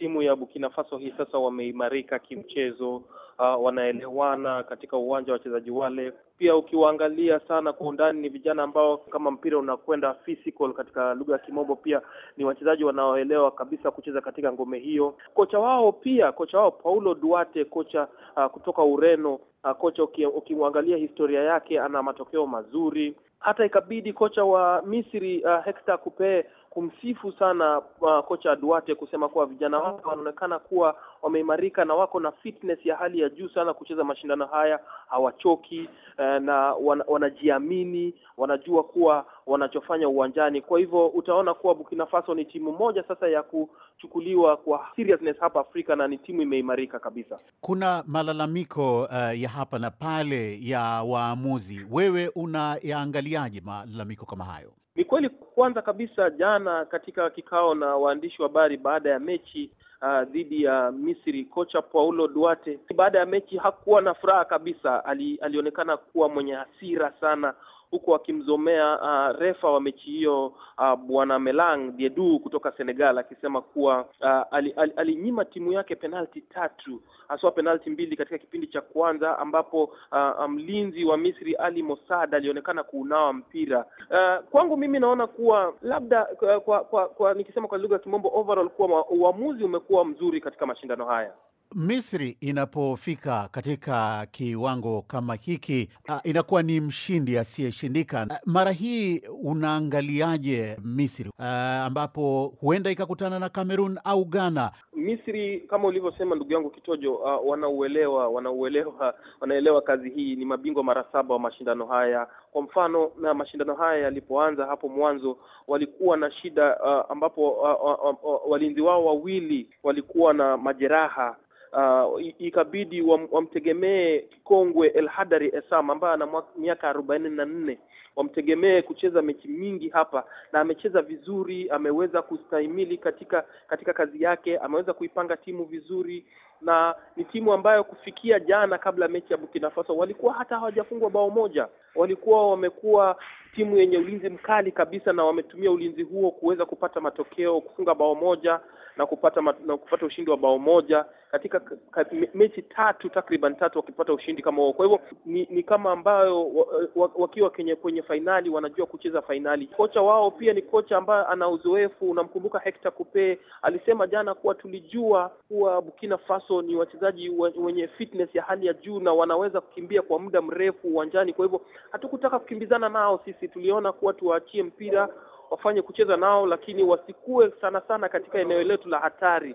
timu ya Burkina Faso hii sasa wameimarika kimchezo, uh, wanaelewana katika uwanja wa wachezaji wale. Pia ukiwaangalia sana kwa undani, ni vijana ambao kama mpira unakwenda physical katika lugha ya Kimombo, pia ni wachezaji wanaoelewa kabisa kucheza katika ngome hiyo. Kocha wao pia, kocha wao Paulo Duarte, kocha uh, kutoka Ureno Uh, kocha ukimwangalia historia yake ana matokeo mazuri, hata ikabidi kocha wa Misri uh, hekta Cupe kumsifu sana uh, kocha Duarte kusema kuwa vijana wake wanaonekana kuwa wameimarika na wako na fitness ya hali ya juu sana kucheza mashindano haya, hawachoki uh, na wan, wanajiamini, wanajua kuwa wanachofanya uwanjani. Kwa hivyo utaona kuwa Burkina Faso ni timu moja sasa ya kuchukuliwa kwa seriousness hapa Afrika na ni timu imeimarika kabisa. Kuna malalamiko uh, ya hapa na pale ya waamuzi, wewe unayaangaliaje malalamiko kama hayo? Ni kweli, kwanza kabisa, jana katika kikao na waandishi wa habari baada ya mechi Uh, dhidi ya Misri, kocha Paulo Duarte baada ya mechi hakuwa na furaha kabisa. Ali, alionekana kuwa mwenye hasira sana, huku akimzomea uh, ah, refa wa mechi hiyo uh, bwana Melang Diedu kutoka Senegal akisema kuwa uh, ah, alinyima ali, ali timu yake penalti tatu haswa penalti mbili katika kipindi cha kwanza ambapo uh, mlinzi wa Misri Ali Mossad alionekana kuunawa mpira. Uh, kwangu mimi naona kuwa labda kwa, kwa, kwa, kwa nikisema kwa lugha ya Kimombo overall kuwa uamuzi umekuwa mzuri katika mashindano haya. Misri inapofika katika kiwango kama hiki ah, inakuwa ni mshindi asiyeshindika. Ah, mara hii unaangaliaje Misri ah, ambapo huenda ikakutana na Cameroon au Ghana? Misri kama ulivyosema ndugu yangu Kitojo, uh, wanauelewa wanauelewa wanaelewa kazi hii. Ni mabingwa mara saba wa mashindano haya. Kwa mfano, na mashindano haya yalipoanza hapo mwanzo walikuwa na shida uh, ambapo uh, uh, uh, uh, walinzi wao wawili walikuwa na majeraha uh, ikabidi wamtegemee wa kikongwe El Hadari Esam ambaye ana miaka arobaini na nne wamtegemee kucheza mechi mingi hapa, na amecheza vizuri, ameweza kustahimili katika katika kazi yake, ameweza kuipanga timu vizuri, na ni timu ambayo kufikia jana, kabla mechi ya Burkina Faso, walikuwa hata hawajafungwa bao moja, walikuwa wamekuwa timu yenye ulinzi mkali kabisa, na wametumia ulinzi huo kuweza kupata matokeo, kufunga bao moja na kupata mat, na kupata ushindi wa bao moja katika mechi tatu takriban tatu, wakipata ushindi kama huo. Kwa hivyo ni, ni kama ambayo wakiwa kenye kwenye fainali wanajua kucheza fainali. Kocha wao pia ni kocha ambaye ana uzoefu. Unamkumbuka Hector Kupe alisema jana kuwa tulijua kuwa Burkina Faso ni wachezaji wenye fitness ya hali ya juu na wanaweza kukimbia kwa muda mrefu uwanjani, kwa hivyo hatukutaka kukimbizana nao sisi sisi tuliona kuwa tuwaachie mpira wafanye kucheza nao, lakini wasikue sana sana katika eneo letu la hatari.